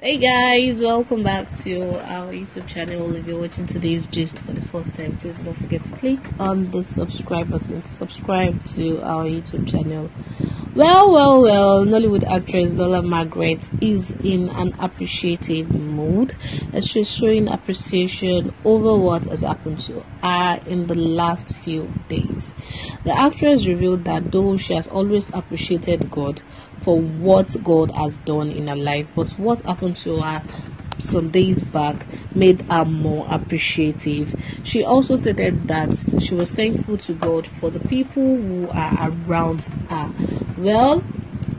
hey guys welcome back to our youtube channel if you're watching today's gist for the first time please don't forget to click on the subscribe button to subscribe to our youtube channel well well well nollywood actress lola margaret is in an appreciative mood as she's showing appreciation over what has happened to her in the last few days the actress revealed that though she has always appreciated god for what God has done in her life, but what happened to her some days back made her more appreciative. She also stated that she was thankful to God for the people who are around her. Well,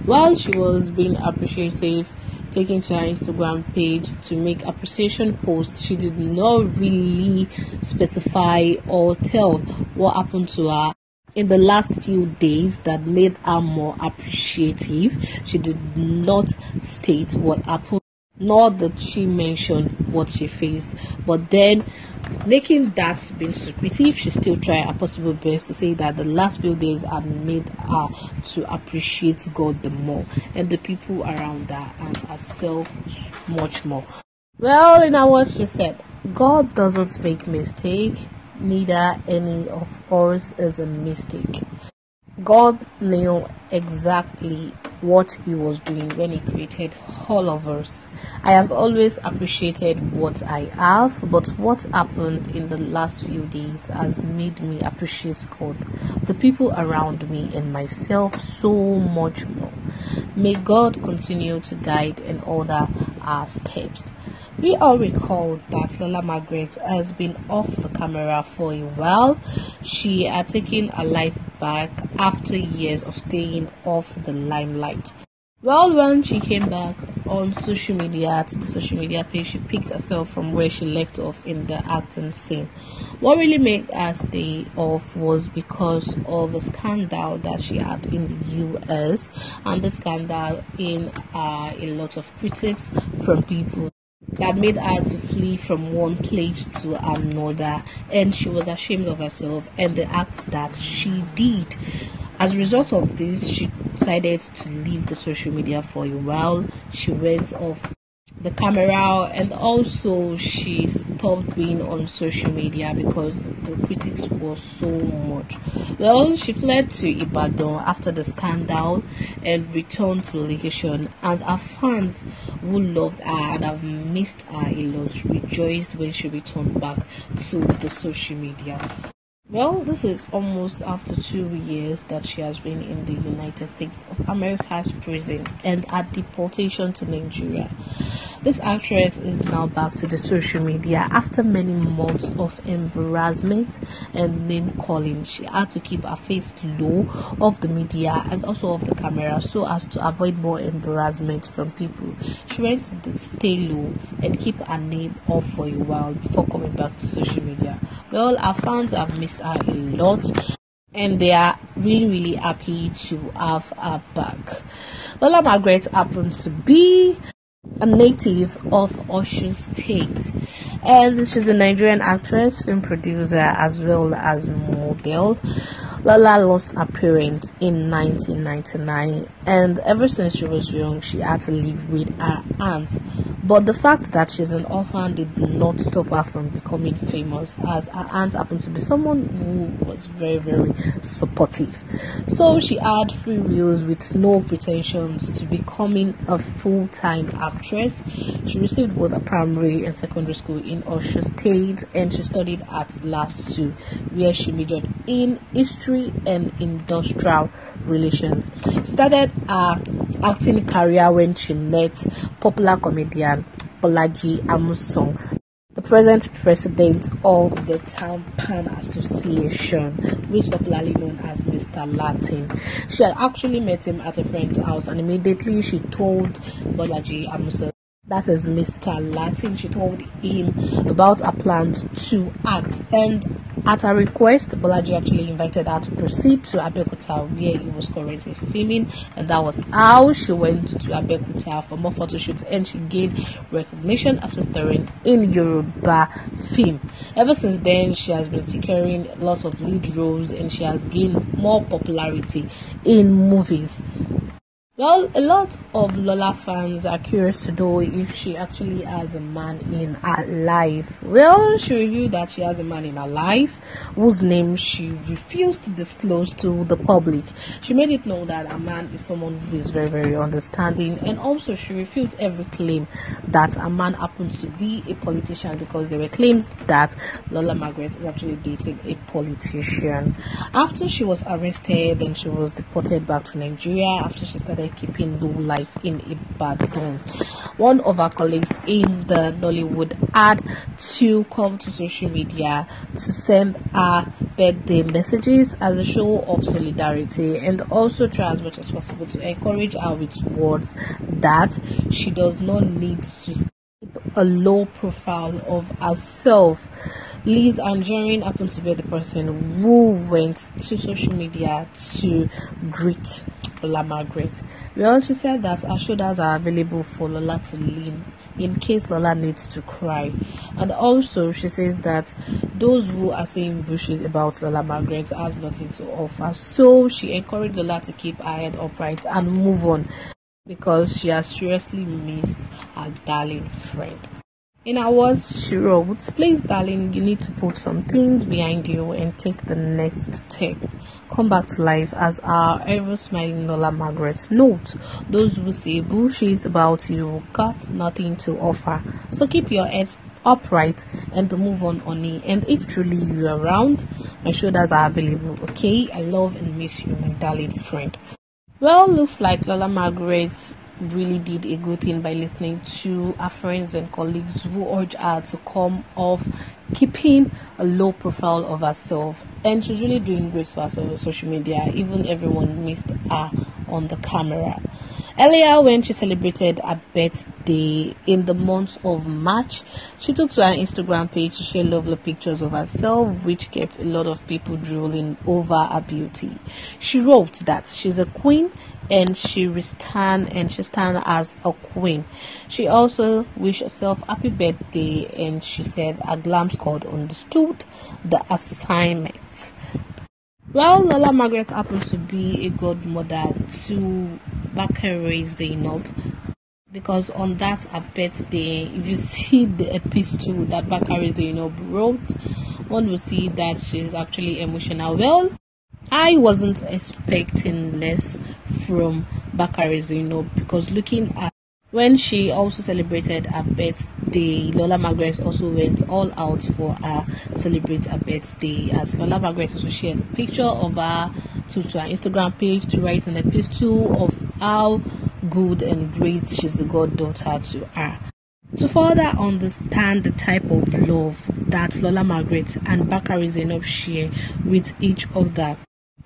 while she was being appreciative, taking to her Instagram page to make appreciation posts, she did not really specify or tell what happened to her in the last few days that made her more appreciative. She did not state what happened, nor that she mentioned what she faced. But then, making that being secretive, she still tried her possible best to say that the last few days had made her to appreciate God the more and the people around her and herself much more. Well, in our words, she said, God doesn't make mistake neither any of us is a mistake. God knew exactly what he was doing when he created all of us. I have always appreciated what I have, but what happened in the last few days has made me appreciate God, the people around me, and myself so much more. May God continue to guide and order our steps. We all recall that Lola Margaret has been off the camera for a while. She had taken a life back after years of staying off the limelight. Well, when she came back on social media to the social media page, she picked herself from where she left off in the acting scene. What really made her stay off was because of a scandal that she had in the US, and the scandal in uh, a lot of critics from people that made her to flee from one place to another and she was ashamed of herself and the act that she did as a result of this she decided to leave the social media for a while she went off the camera and also she stopped being on social media because the critics were so much well she fled to ibadan after the scandal and returned to legation and her fans who loved her and have missed her a lot rejoiced when she returned back to the social media well, this is almost after two years that she has been in the United States of America's prison and at deportation to Nigeria. This actress is now back to the social media after many months of embarrassment and name calling. She had to keep her face low of the media and also of the camera so as to avoid more embarrassment from people. She went to stay low and keep her name off for a while before coming back to social media. Well, our fans have missed her a lot and they are really really happy to have her back lola margaret happens to be a native of Osun State, and she's a Nigerian actress, film producer, as well as model. Lala lost her parents in 1999, and ever since she was young, she had to live with her aunt. But the fact that she's an orphan did not stop her from becoming famous, as her aunt happened to be someone who was very, very supportive. So she had free wheels with no pretensions to becoming a full time actress. She received both a primary and secondary school in Osho State and she studied at LASU where she majored in history and industrial relations. She started her acting career when she met popular comedian Bolaji Amusong present president of the Tampan Association, who is popularly known as Mr. Latin. She had actually met him at a friend's house and immediately she told Bolaji Amusa that is Mr. Latin. She told him about her plans to act, and at her request, Bolaji actually invited her to proceed to Abeokuta where he was currently filming and that was how she went to Abeokuta for more photo shoots and she gained recognition after starring in Yoruba film. Ever since then, she has been securing lots of lead roles and she has gained more popularity in movies. Well, a lot of Lola fans are curious to know if she actually has a man in her life. Well, show you that she has a man in her life whose name she refused to disclose to the public. She made it known that a man is someone who is very, very understanding, and also she refutes every claim that a man happened to be a politician because there were claims that Lola Margaret is actually dating a politician. After she was arrested and she was deported back to Nigeria after she started keeping low life in Ibadan. One of our colleagues in the Nollywood had to come to social media to send our birthday messages as a show of solidarity and also try as much as possible to encourage our with words that she does not need to a low profile of herself. Liz Anjorin happened to be the person who went to social media to greet Lola Margaret. Well, she said that her shoulders are available for Lola to lean in case Lola needs to cry. And also, she says that those who are saying bullshit about Lola Margaret has nothing to offer. So she encouraged Lola to keep her head upright and move on because she has seriously missed her darling friend. In hours, she wrote, Please, darling, you need to put some things behind you and take the next step. Come back to life as our ever smiling Lola Margaret. Note those who say bullshit about you got nothing to offer. So keep your head upright and move on on it. And if truly you are around, my shoulders are available. Okay, I love and miss you, my darling friend. Well, looks like Lola Margaret really did a good thing by listening to our friends and colleagues who urge her to come off keeping a low profile of herself. And she's really doing great for herself on social media. Even everyone missed her on the camera. Earlier, when she celebrated her birthday in the month of March, she took to her Instagram page to share lovely pictures of herself, which kept a lot of people drooling over her beauty. She wrote that she's a queen and she stand and she stand as a queen. She also wished herself happy birthday and she said a glam squad understood the assignment. Well, Lola Margaret happens to be a godmother to Bakare Zainab because on that bit birthday, if you see the epistle that Bakare Zainab wrote, one will see that she's actually emotional. Well, I wasn't expecting less from Bakare Zainab because looking at when she also celebrated her birthday, Lola Margaret also went all out for her celebrate her birthday. As Lola Margaret also shared a picture of her to, to her Instagram page to write an epistle of how good and great she's a goddaughter to her. To further understand the type of love that Lola Margaret and Bakari Zainab share with each other,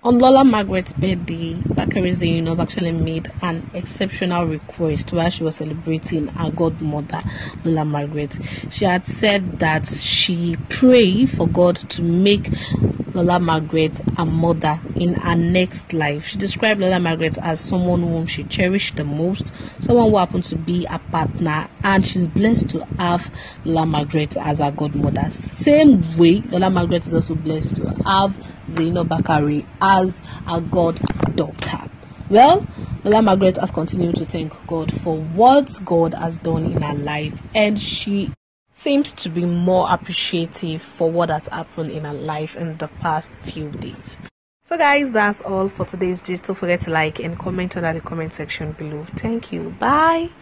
on Lola Margaret's birthday, Bakari Zainab actually made an exceptional request while she was celebrating her godmother, Lola Margaret. She had said that she prayed for God to make Lola Margaret a mother in her next life. She described Lola Margaret as someone whom she cherished the most, someone who happened to be a partner, and she's blessed to have Lola Margaret as her godmother. Same way, Lola Margaret is also blessed to have Zaino Bakari as her goddaughter. Well, Lola Margaret has continued to thank God for what God has done in her life, and she seems to be more appreciative for what has happened in her life in the past few days. So, guys, that's all for today's gist. Don't forget to like and comment under the comment section below. Thank you. Bye.